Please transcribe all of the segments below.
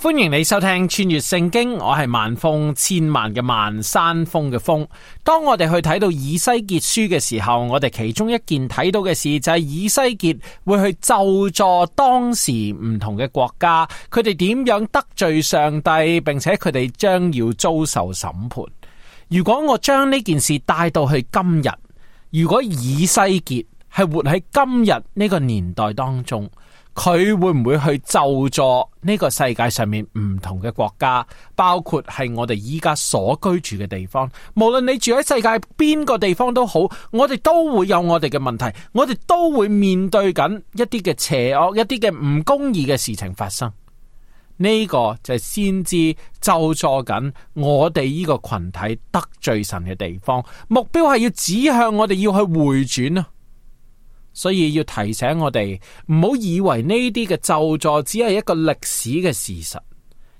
歡迎你收聽穿越聖經，我係萬峰，千萬嘅萬山峰嘅峰。當我哋去睇到以西結書嘅時候，我哋其中一件睇到嘅事就係以西結會去就住當時唔同嘅國家，佢哋點樣得罪上帝，並且佢哋將要遭受審判。如果我將呢件事帶到去今日，如果以西結係活喺今日呢個年代當中，佢會唔會去咒詛呢個世界上面唔同嘅國家，包括係我哋依家所居住嘅地方。無論你住喺世界邊個地方都好，我哋都會有我哋嘅問題，我哋都會面對緊一啲嘅邪惡、一啲嘅唔公義嘅事情發生。呢個就係先知咒詛緊我哋呢個群體得罪神嘅地方，目標係要指向我哋要去回轉啊！所以要提醒我哋，唔好以為呢啲嘅咒詛只係一個歷史嘅事實，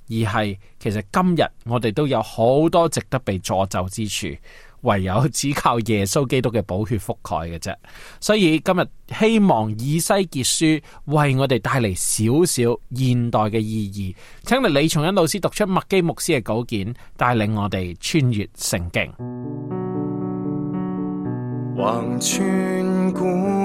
而係其實今日我哋都有好多值得被咒詛之處，唯有只靠耶穌基督嘅寶血覆蓋嘅啫。所以今日希望以西結書為我哋帶嚟少少現代嘅意義，請嚟李松恩老師讀出麥基牧師嘅稿件，帶領我哋穿越聖經。橫穿古。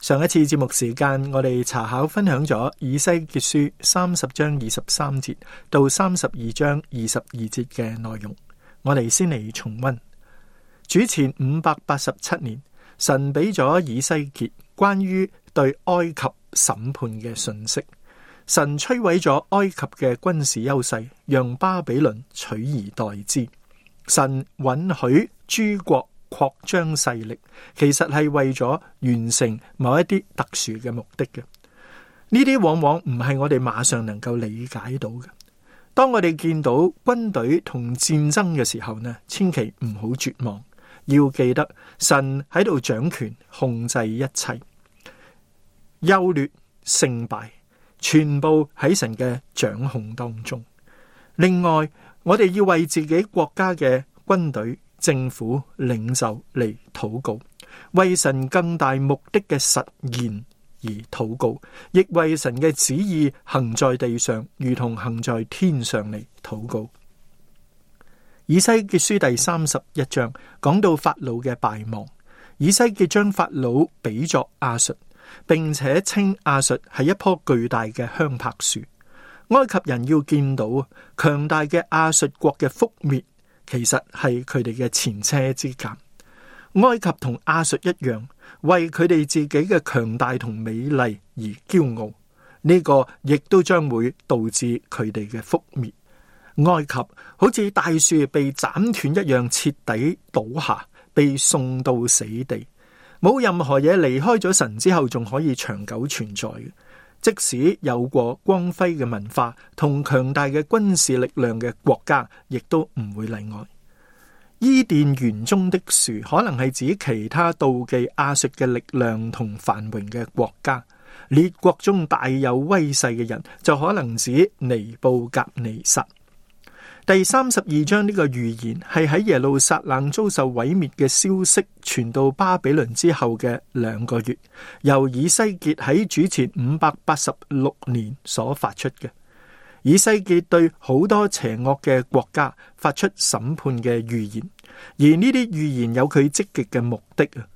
上一次節目時間，我哋查考分享咗以西結書三十章二十三節到三十二章二十二節嘅內容，我哋先嚟重溫。主前五百八十七年，神俾咗以西結關於對埃及審判嘅信息。神摧毀咗埃及嘅軍事優勢，讓巴比倫取而代之。神允許諸國。擴張勢力其實係為咗完成某一啲特殊嘅目的嘅，呢啲往往唔係我哋馬上能夠理解到嘅。當我哋見到軍隊同戰爭嘅時候呢，千祈唔好絕望，要記得神喺度掌權控制一切，優劣勝敗全部喺神嘅掌控當中。另外，我哋要為自己國家嘅軍隊。政府領袖嚟禱告為神更大目的嘅實現而禱告，亦為神嘅旨意行在地上，如同行在天上嚟禱告。以西結書第三十一章講到法老嘅敗亡，以西結將法老比作亞述，並且稱亞述係一棵巨大嘅香柏樹。埃及人要見到啊強大嘅亞述國嘅覆滅，其實係佢哋嘅前車之鑑。埃及同亞述一樣，為佢哋自己嘅強大同美麗而驕傲，呢個亦都將會導致佢哋嘅覆滅。埃及好似大樹被斬斷一樣，徹底倒下，被送到死地，冇任何嘢離開咗神之後，仲可以長久存在。即使有過光輝嘅文化同強大嘅軍事力量嘅國家，亦都唔會例外。伊甸園中的樹可能係指其他妒忌亞述嘅力量同繁榮嘅國家，列國中大有威勢嘅人就可能指尼布甲尼撒。第三十二章呢個預言係喺耶路撒冷遭受毀滅嘅消息傳到巴比倫之後嘅兩個月，由以西結喺主前五百八十六年所發出嘅。以西結對好多邪惡嘅國家發出審判嘅預言，而呢啲預言有佢積極嘅目的啊，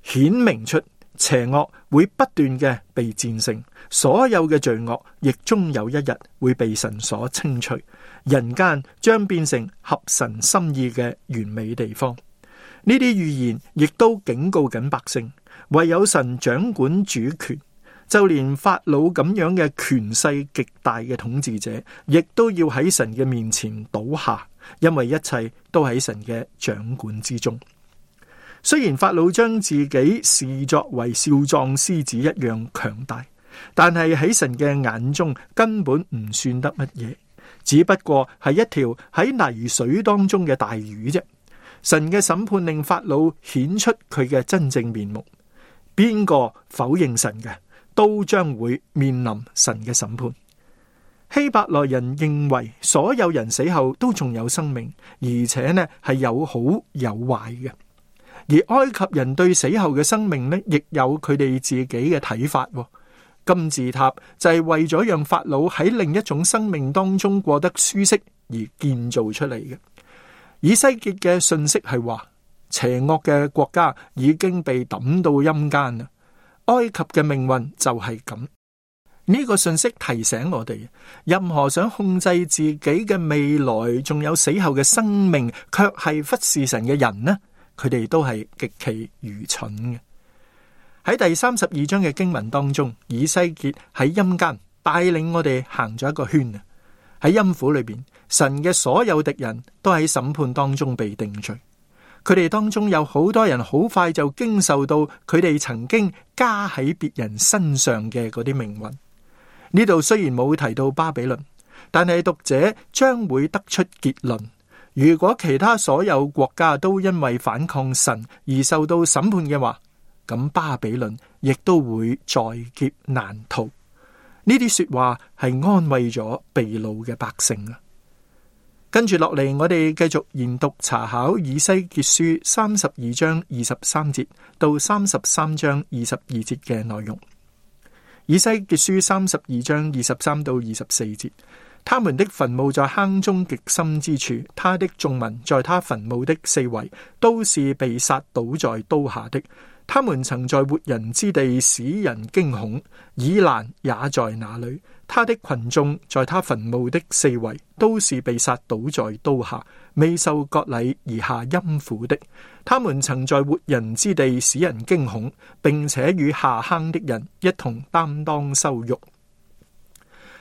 顯明出。邪惡會不斷嘅被戰勝，所有嘅罪惡亦終有一日會被神所清除，人間將變成合神心意嘅完美地方。呢啲預言亦都警告緊百姓，唯有神掌管主權，就連法老咁樣嘅權勢極大嘅統治者，亦都要喺神嘅面前倒下，因為一切都喺神嘅掌管之中。雖然法老將自己視作為少壯獅子一樣強大，但係喺神嘅眼中根本唔算得乜嘢，只不過係一條喺泥水當中嘅大魚啫。神嘅審判令法老顯出佢嘅真正面目，邊個否認神嘅，都將會面臨神嘅審判。希伯來人認為所有人死後都仲有生命，而且呢係有好有壞嘅。而埃及人對死後嘅生命呢，亦有佢哋自己嘅睇法哦。金字塔就係為咗讓法老喺另一種生命當中過得舒適而建造出嚟嘅。以西結嘅信息係話，邪惡嘅國家已經被抌到陰間啦。埃及嘅命運就係咁。呢個信息提醒我哋，任何想控制自己嘅未來，仲有死後嘅生命，卻係忽視神嘅人呢，佢哋都係極其愚蠢嘅。喺第三十二章嘅經文當中，以西結喺陰間帶領我哋行咗一個圈啊！喺陰府裏邊，神嘅所有敵人都喺審判當中被定罪。佢哋當中有好多人，好快就經受到佢哋曾經加喺別人身上嘅嗰啲命運。呢度雖然冇提到巴比倫，但係讀者將會得出結論。如果其他所有國家都因為反抗神而受到審判嘅話，咁巴比倫亦都會在劫難逃。呢啲說話係安慰咗被擄嘅百姓啊。跟住落嚟，我哋繼續研讀查考以西結書三十二章二十三節到三十三章二十二節嘅內容。以西結書三十二章二十三到二十四節。他們的墳墓在坑中極深之處，他的眾民在他墳墓的四圍都是被殺倒在刀下的。他們曾在活人之地使人驚恐，以攔也在那裏。他的群眾在他墳墓的四圍都是被殺倒在刀下，未受割禮而下陰府的。他們曾在活人之地使人驚恐，並且與下坑的人一同擔當羞辱。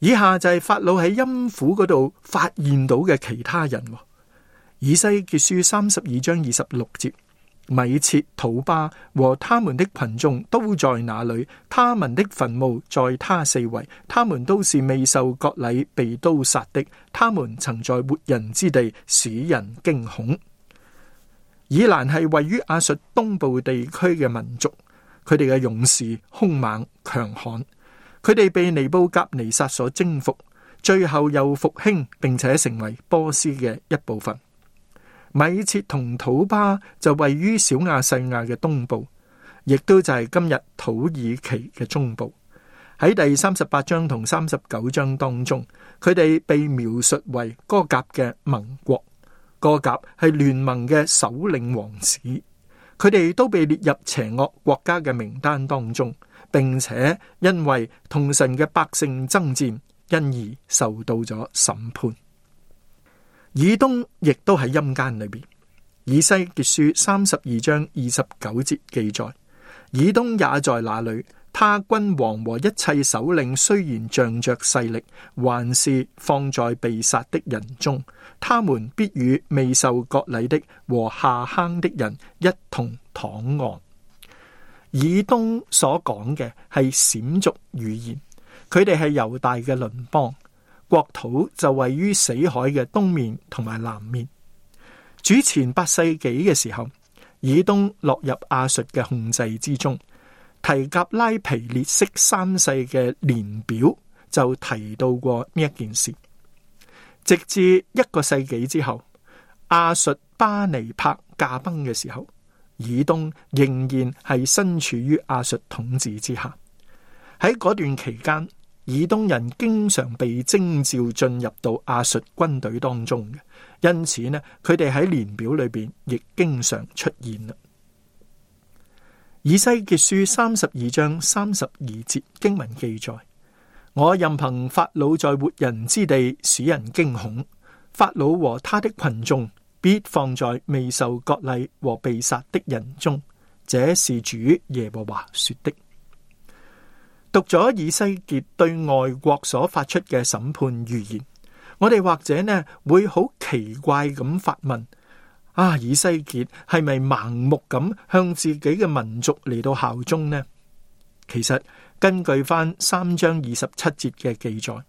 以下就係法老喺陰府嗰度發現到嘅其他人。以西結書三十二章二十六節，米設、土巴和他們的群眾都在那裏，他們的墳墓在他四圍，他們都是未受割禮、被刀殺的，他們曾在活人之地使人驚恐。以蘭係位於亞述東部地區嘅民族，佢哋嘅勇士兇猛強悍。佢哋被尼布甲尼撒所征服，最後又復興，並且成為波斯嘅一部分。米切同土巴就位於小亞細亞嘅東部，亦都就係今日土耳其嘅中部。喺第三十八章同三十九章當中，佢哋被描述為歌革嘅盟國。歌革係聯盟嘅首領王子，佢哋都被列入邪惡國家嘅名單當中。並且因為同神嘅百姓爭戰，因而受到咗審判。以東亦都喺陰間裏邊。以西結書三十二章二十九節記載：以東也在那裏。他君王和一切首領雖然仗着勢力，還是放在被殺的人中。他們必與未受割禮的和下坑的人一同躺臥。以東所講嘅係閃族語言，佢哋係猶大嘅鄰邦，國土就位於死海嘅東面同埋南面。主前八世紀嘅時候，以東落入亞述嘅控制之中。提格拉皮列色三世嘅年表就提到過呢一件事，直至一個世紀之後，亞述巴尼帕駕崩嘅時候，以東仍然係身處於亞述統治之下，喺嗰段期間，以東人經常被徵召進入到亞述軍隊當中，因此呢，佢哋喺年表裏邊亦經常出現。以西結書三十二章三十二節經文記載：我任憑法老在活人之地，使人驚恐，法老和他的群眾。必放在未受割禮和被殺的人中，這是主耶和華說的。讀咗以西結對外國所發出嘅審判預言，我哋或者呢會好奇怪咁發問：啊，以西結係咪盲目咁向自己嘅民族嚟到效忠呢？其實根據翻三章二十七節嘅記載。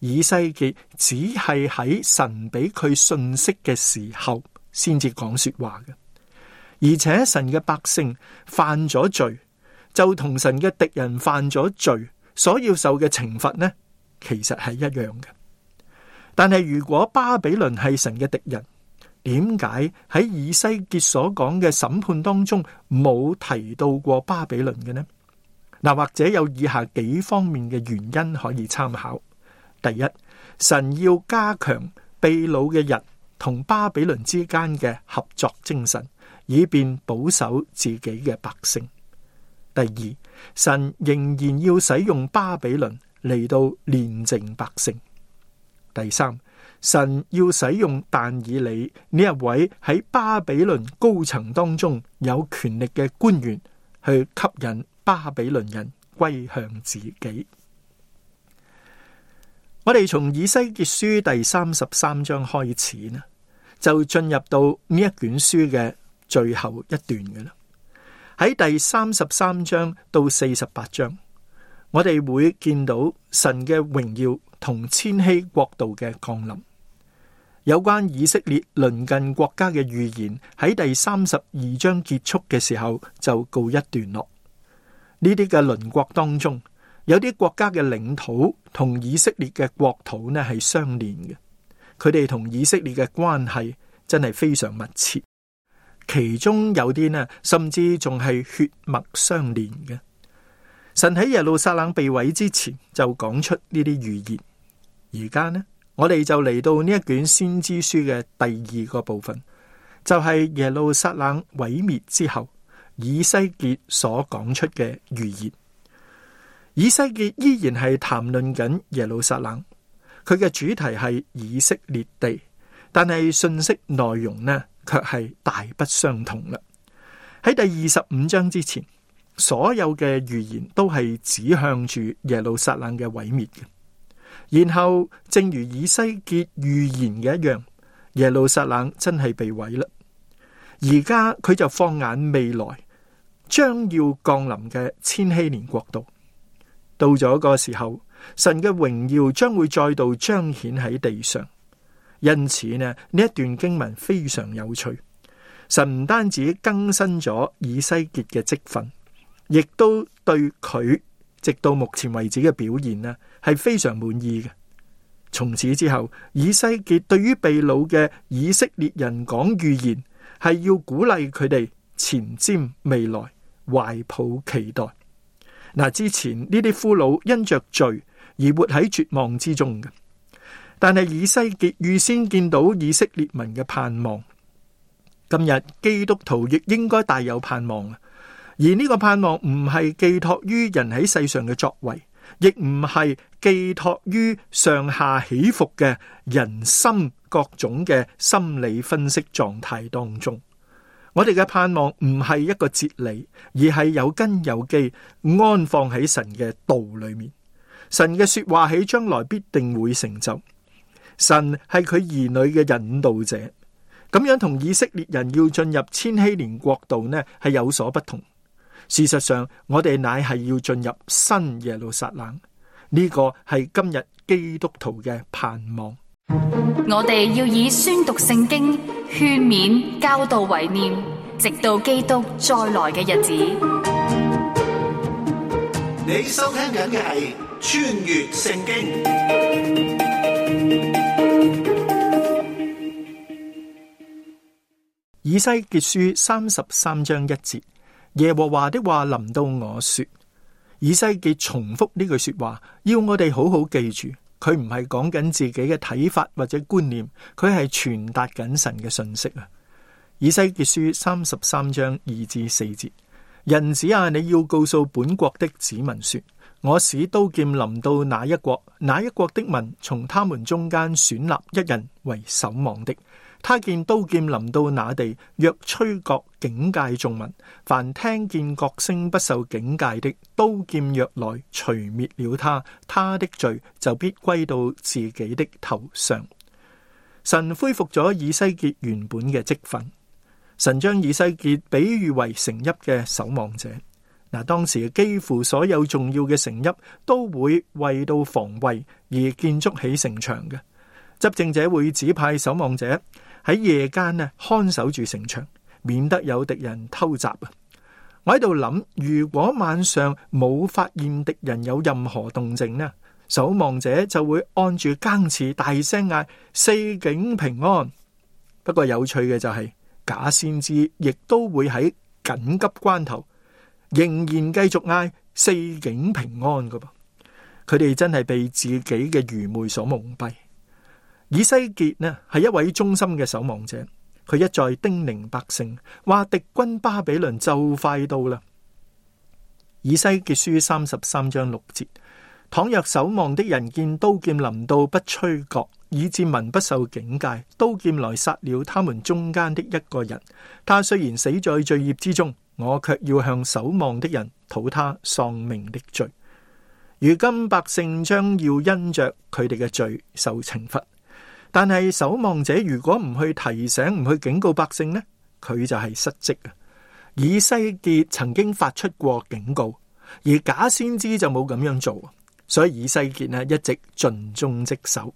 以西結只係喺神俾佢信息嘅時候先至講說話嘅，而且神嘅百姓犯咗罪，就同神嘅敵人犯咗罪所要受嘅懲罰呢，其實係一樣嘅。但係如果巴比倫係神嘅敵人，點解喺以西結所講嘅審判當中冇提到過巴比倫嘅呢？嗱，或者有以下幾方面嘅原因可以參考。第一，神要加強秘魯嘅人同巴比倫之間嘅合作精神，以便保守自己嘅百姓。第二，神仍然要使用巴比倫嚟到煉淨百姓。第三，神要使用但以理呢一位喺巴比倫高層當中有權力嘅官員，去吸引巴比倫人歸向自己。我哋從以西結書第三十三章開始呢，就進入到呢一卷書嘅最後一段嘅啦。喺第三十三章到四十八章，我哋會見到神嘅榮耀同千禧國度嘅降臨。有關以色列鄰近國家嘅預言，喺第三十二章結束嘅時候就告一段落。呢啲嘅鄰國當中，有啲國家嘅領土。同以色列嘅國土呢係相連嘅，佢哋同以色列嘅關係真係非常密切，其中有啲呢甚至仲係血脈相連嘅。神喺耶路撒冷被毀之前就講出呢啲預言，而家呢我哋就嚟到呢一卷先知書嘅第二個部分，就係耶路撒冷毀滅之後，以西結所講出嘅預言。以西結依然係談論緊耶路撒冷，佢嘅主題係以色列地，但係信息內容呢，卻係大不相同啦。喺第二十五章之前，所有嘅預言都係指向住耶路撒冷嘅毀滅嘅。然後，正如以西結預言嘅一樣，耶路撒冷真係被毀啦。而家佢就放眼未來，將要降臨嘅千禧年國度。到咗個時候，神嘅榮耀將會再度彰顯喺地上。因此呢，呢一段經文非常有趣。神唔單止更新咗以西結嘅積分，亦都對佢直到目前為止嘅表現啊係非常滿意嘅。從此之後，以西結對於被擄嘅以色列人講預言，係要鼓勵佢哋前瞻未來，懷抱期待。嗱，之前呢啲俘虜因着罪而活喺絕望之中嘅，但係以西結預先見到以色列民嘅盼望，今日基督徒亦應該大有盼望啊！而呢個盼望唔係寄託於人喺世上嘅作為，亦唔係寄託於上下起伏嘅人心、各種嘅心理分析狀態當中。我哋嘅盼望唔係一個哲理，而係有根有基安放喺神嘅道裏面。神嘅說話喺將來必定會成就。神係佢兒女嘅引導者，咁樣同以色列人要進入千禧年國度呢，係有所不同。事實上，我哋乃係要進入新耶路撒冷，呢個係今日基督徒嘅盼望。我哋要以宣讀聖經、勸勉、教導為念，直到基督再來嘅日子。你收聽緊嘅係《穿越聖經》。以西結書三十三章一節，耶和華的話臨到我說。以西結重複呢句說話，要我哋好好記住。佢唔係講緊自己嘅睇法或者觀念，佢係傳達緊神嘅信息啊。以西結書三十三章二至四節：人子啊，你要告訴本國的子民說，我使刀劍臨到那一國，那一國的民從他們中間選立一人為守望的。他見刀劍臨到那地，若吹角警戒眾民，凡聽見角聲不受警戒的，刀劍若來，除滅了他，他的罪就必歸到自己的頭上。神恢復咗以西結原本嘅職份，神將以西結比喻為城邑嘅守望者。嗱，當時幾乎所有重要嘅城邑都會為到防衛而建築起城牆嘅，執政者會指派守望者。喺夜間呢，看守住城牆，免得有敵人偷襲啊！我喺度諗，如果晚上冇發現敵人有任何動靜呢，守望者就會按住更次大聲嗌「四境平安」。不過有趣嘅就係，假先知亦都會喺緊急關頭仍然繼續嗌四境平安噶噃，佢哋真係被自己嘅愚昧所蒙蔽。以西結呢係一位忠心嘅守望者，佢一再叮嚀百姓：話敵軍巴比倫就快到啦。以西結書三十三章六節：倘若守望的人見刀劍臨到，不吹角，以致民不受警戒，刀劍來殺了他們中間的一個人，他雖然死在罪孽之中，我卻要向守望的人討他喪命的罪。如今百姓將要因着佢哋嘅罪受懲罰。但是，守望者如果唔去提醒唔去警告百姓呢？佢就係失職。以西結曾經發出過警告，而假先知就冇咁樣做。所以以，以西結呢，一直盡忠職守。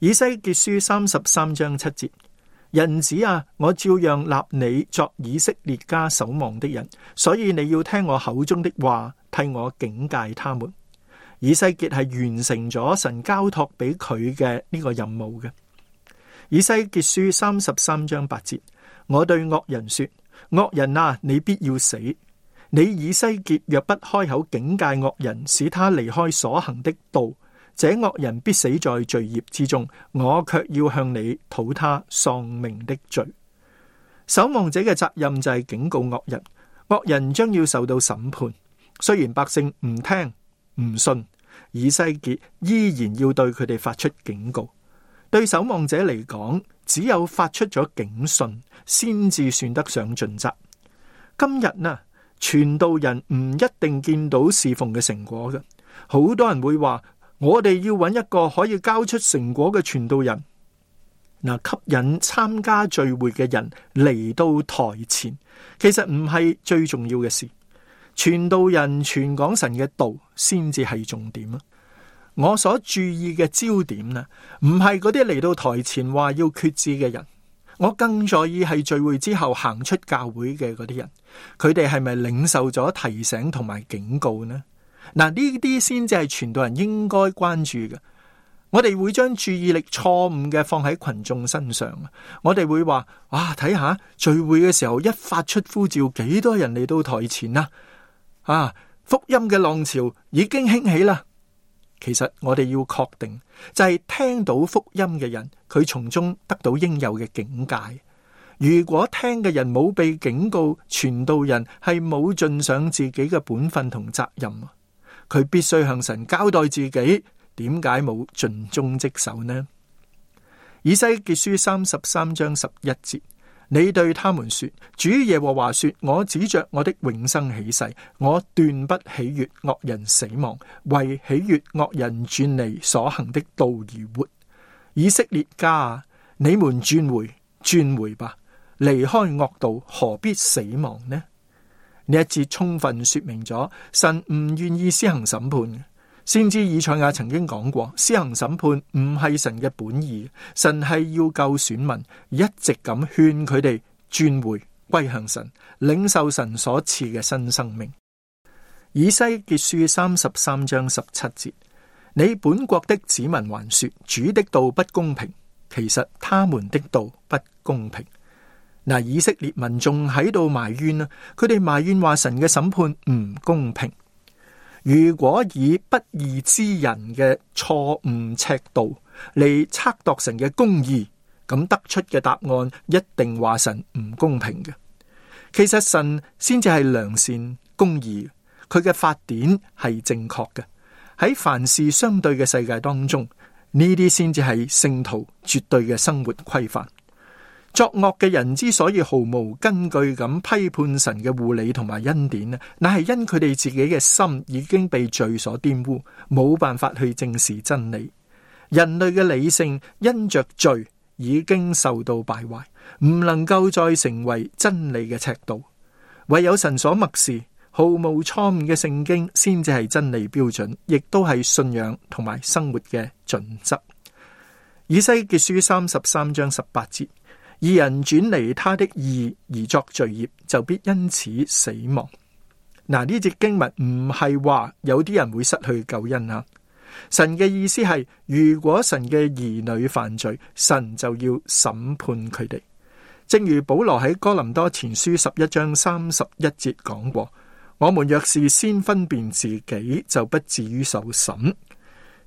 以西結書三十三章七節，人子啊，我照樣立你作以色列家守望的人，所以你要聽我口中的話，替我警戒他們。以西結係完成咗神交託俾佢嘅呢個任務嘅。以西結書三十三章八節，我對惡人說：惡人啊，你必要死。你以西結若不開口警戒惡人，使他離開所行的道，這惡人必死在罪孽之中。我卻要向你討他喪命的罪。守望者嘅責任就係警告惡人，惡人將要受到審判。雖然百姓唔聽。唔信，以西結依然要對佢哋發出警告。對守望者嚟講，只有發出咗警訊，先至算得上盡責。今日呢，傳道人唔一定見到侍奉嘅成果嘅，好多人會話：我哋要揾一個可以交出成果嘅傳道人，嗱，吸引參加聚會嘅人嚟到台前，其實唔係最重要嘅事。傳道人傳講神嘅道先至係重點啊！我所注意嘅焦點咧，唔係嗰啲嚟到台前話要決志嘅人，我更在意係聚會之後行出教會嘅嗰啲人，佢哋係咪領受咗提醒同埋警告呢？嗱，呢啲先至係傳道人應該關注嘅。我哋會將注意力錯誤嘅放喺群眾身上，我哋會話：哇，睇下聚會嘅時候一發出呼召，幾多人嚟到台前啊？啊！福音嘅浪潮已經興起啦。其實我哋要確定，就係聽到福音嘅人，佢從中得到應有嘅警戒。如果聽嘅人冇被警告，傳道人係冇盡上自己嘅本分同責任，佢必須向神交代自己點解冇盡忠職守呢？以西結書三十三章十一節。你對他們說：主耶和華說，我指着我的永生起誓，我斷不喜悅惡，惡人死亡，為喜悅惡人轉離所行的道而活。以色列家啊，你們轉回轉回吧，離開惡道，何必死亡呢？呢一節充分說明咗，神唔願意施行審判。先知以賽亞曾經講過，施行審判唔係神嘅本意，神係要救選民，一直咁勸佢哋轉回歸向神，領受神所賜嘅新生命。以西結書三十三章十七節，你本國的子民還說，主的道不公平，其實他們的道不公平。嗱，以色列民眾喺度埋怨啊，佢哋埋怨話神嘅審判唔公平。如果以不義之人嘅錯誤尺度嚟測度神嘅公義，咁得出嘅答案一定話神唔公平嘅。其實神先至係良善公義，佢嘅法典係正確嘅。喺凡事相對嘅世界當中，呢啲先至係聖徒絕對嘅生活規範。作惡嘅人之所以毫無根據咁批判神嘅護理同埋恩典呢？乃係因佢哋自己嘅心已經被罪所玷污，冇辦法去正視真理。人類嘅理性因着罪已經受到敗壞，唔能夠再成為真理嘅尺度。唯有神所默示、毫無錯誤嘅聖經，先至係真理標準，亦都係信仰同埋生活嘅準則。以西結書三十三章十八節。二人轉離他的義而作罪孽，就必因此死亡。嗱，呢節經文唔係話有啲人會失去救恩啊。神嘅意思係，如果神嘅兒女犯罪，神就要審判佢哋。正如保羅喺哥林多前書十一章三十一節講過：我們若是先分辨自己，就不至於受審。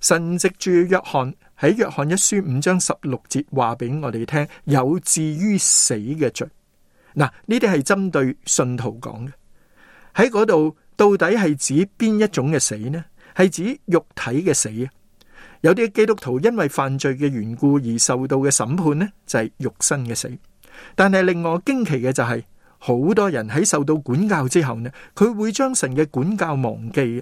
神藉住約翰，喺約翰一書五章十六節話俾我哋聽，有至於死嘅罪。嗱，呢啲係針對信徒講嘅。喺嗰度到底係指邊一種嘅死呢？係指肉體嘅死啊。有啲基督徒因為犯罪嘅緣故而受到嘅審判呢，就係肉身嘅死。但係令我驚奇嘅就係，好多人喺受到管教之後呢，佢會將神嘅管教忘記。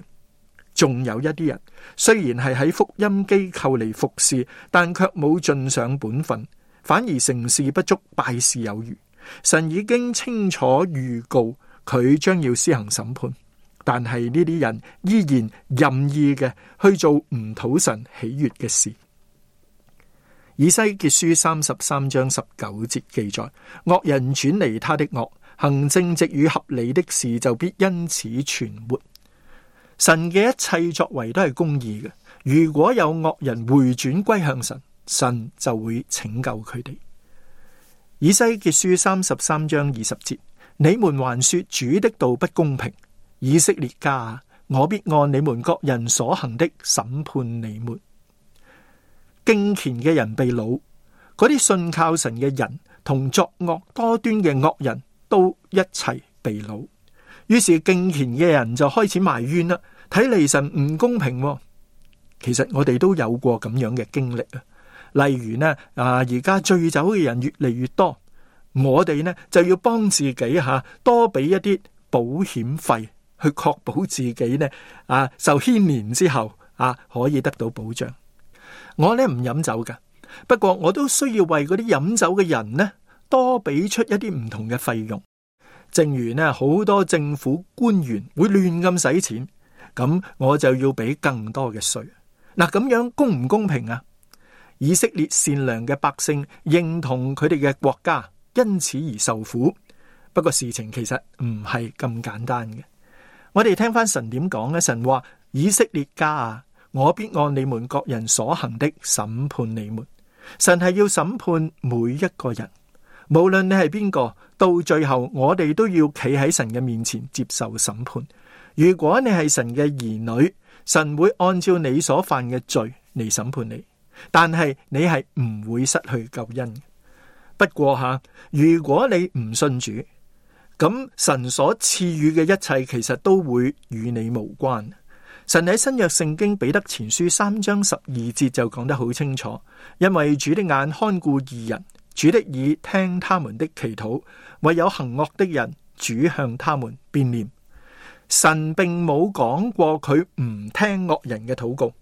仲有一啲人，雖然係喺福音機構嚟服侍，但卻冇盡上本分，反而成事不足敗事有餘。神已經清楚預告佢將要施行審判，但係呢啲人依然任意嘅去做唔討神喜悦嘅事。以西結書三十三章十九節記載：惡人轉離他的惡，行正直與合理的事，就必因此存活。神嘅一切作為都係公義嘅。如果有惡人回轉歸向神，神就會拯救佢哋。以西結書三十三章二十節：你們還說主的道不公平，以色列家，我必按你們各人所行的審判你們。敬虔嘅人被擄，嗰啲信靠神嘅人同作惡多端嘅惡人都一齊被擄。於是敬虔嘅人就開始埋怨啦。睇嚟神唔公平，其實我哋都有過咁樣嘅經歷啊。例如呢啊，而家醉酒嘅人越嚟越多，我哋呢就要幫自己吓，啊，多俾一啲保險費，去確保自己呢啊，受牽連之後啊，可以得到保障。我呢唔飲酒噶，不過我都需要為嗰啲飲酒嘅人呢多俾出一啲唔同嘅費用。正如呢好多政府官員會亂咁使錢。咁我就要俾更多嘅稅，嗱，咁樣公唔公平啊？以色列善良嘅百姓認同佢哋嘅國家，因此而受苦。不過事情其實唔係咁簡單嘅。我哋聽翻神點講呢？神話「以色列家啊，我必按你們各人所行的審判你們。」神係要審判每一個人，無論你係邊個，到最後我哋都要企喺神嘅面前接受審判。如果你係神嘅兒女，神會按照你所犯嘅罪嚟審判你，但係你係唔會失去救恩。不過吓，如果你唔信主，咁神所賜予嘅一切其實都會與你無關。神喺新約聖經彼得前書三章十二節就講得好清楚，因為主的眼看顧義人，主的耳聽他們的祈禱，唯有行惡的人，主向他們變臉。」神並冇講過佢唔聽惡人嘅禱告，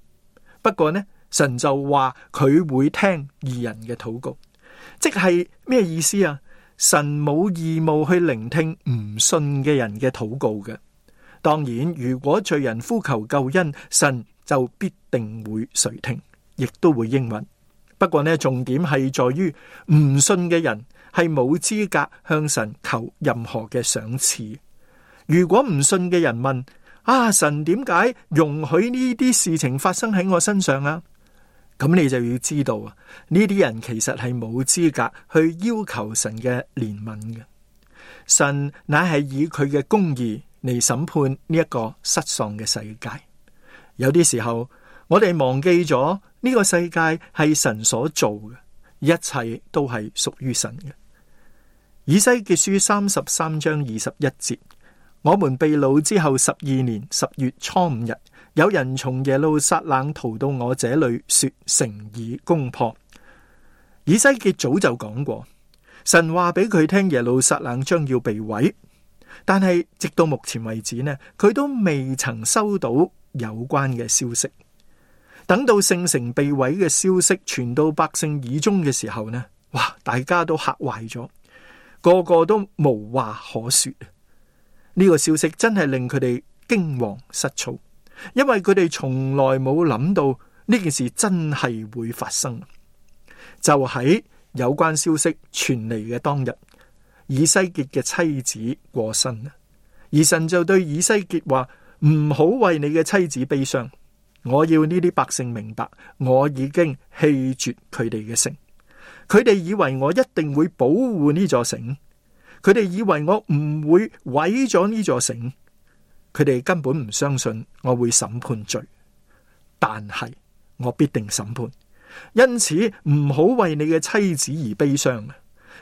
不過呢，神就話佢會聽義人嘅禱告，即係咩意思啊？神冇義務去聆聽唔信嘅人嘅禱告嘅。當然，如果罪人呼求救恩，神就必定會垂聽，亦都會應允。不過呢，重點係在於唔信嘅人係冇資格向神求任何嘅賞賜。如果唔信嘅人問啊，神點解容許呢啲事情發生喺我身上啊？咁你就要知道啊，呢啲人其實係冇資格去要求神嘅憐憫嘅。神乃係以佢嘅公義嚟審判呢一個失喪嘅世界。有啲時候我哋忘記咗呢個世界係神所做嘅，一切都係屬於神嘅。以西結書三十三章二十一節。我們被擄之後十二年十月初五日，有人從耶路撒冷逃到我這裏，說城已攻破。以西結早就講過，神話俾佢聽耶路撒冷將要被毀，但係直到目前為止呢，佢都未曾收到有關嘅消息。等到聖城被毀嘅消息傳到百姓耳中嘅時候呢，哇！大家都嚇壞咗，個個都無話可說。呢個消息真係令佢哋驚惶失措，因為佢哋從來冇諗到呢件事真係會發生。就喺有關消息傳嚟嘅當日，以西結嘅妻子過身啦。而神就對以西結話：唔好為你嘅妻子悲傷，我要呢啲百姓明白，我已經棄絕佢哋嘅城。佢哋以為我一定會保護呢座城。佢哋以為我唔會毀咗呢座城，佢哋根本唔相信我會審判罪，但係我必定審判。因此唔好為你嘅妻子而悲傷，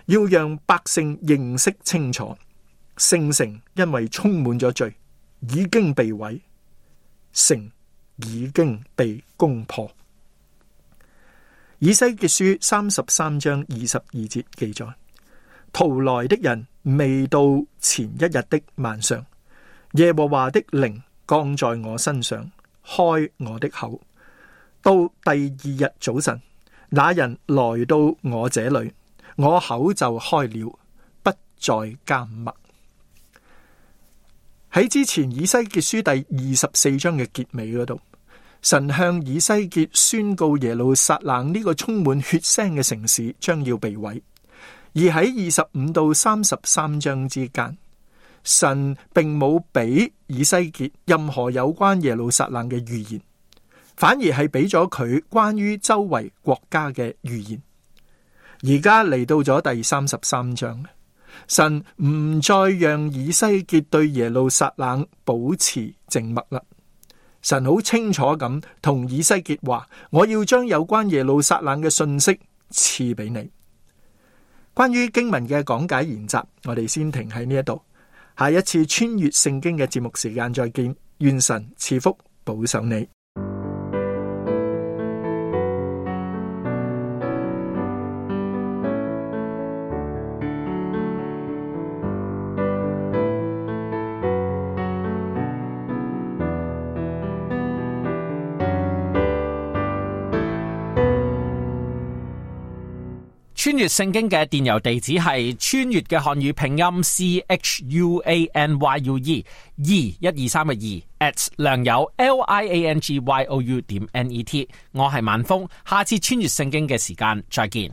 要讓百姓認識清楚，聖城因為充滿咗罪，已經被毀，城已經被攻破。以西結書三十三章二十二節記載。逃來的人未到前一日的晚上，耶和華的靈降在我身上，開我的口。到第二日早晨，那人來到我這裏，我口就開了，不再緘默。喺之前以西結書第二十四章嘅結尾嗰度，神向以西結宣告耶路撒冷呢個充滿血腥嘅城市將要被毀。而喺二十五到三十三章之間，神並冇俾以西結任何有關耶路撒冷嘅預言，反而係俾咗佢關於周圍國家嘅預言。而家嚟到咗第三十三章，神唔再讓以西結對耶路撒冷保持靜默啦。神好清楚咁同以西結話：我要將有關耶路撒冷嘅信息賜俾你。關於經文嘅講解研習，我哋先停喺呢一度。下一次穿越聖經嘅節目時間再見，願神賜福保守你。穿越聖經嘅電郵地址係穿越嘅漢語拼音 c h u a n y u e e 一二三嘅 e at 良友 l i a n g y o u 點 n e t 我係晚風，下次穿越聖經嘅時間再見。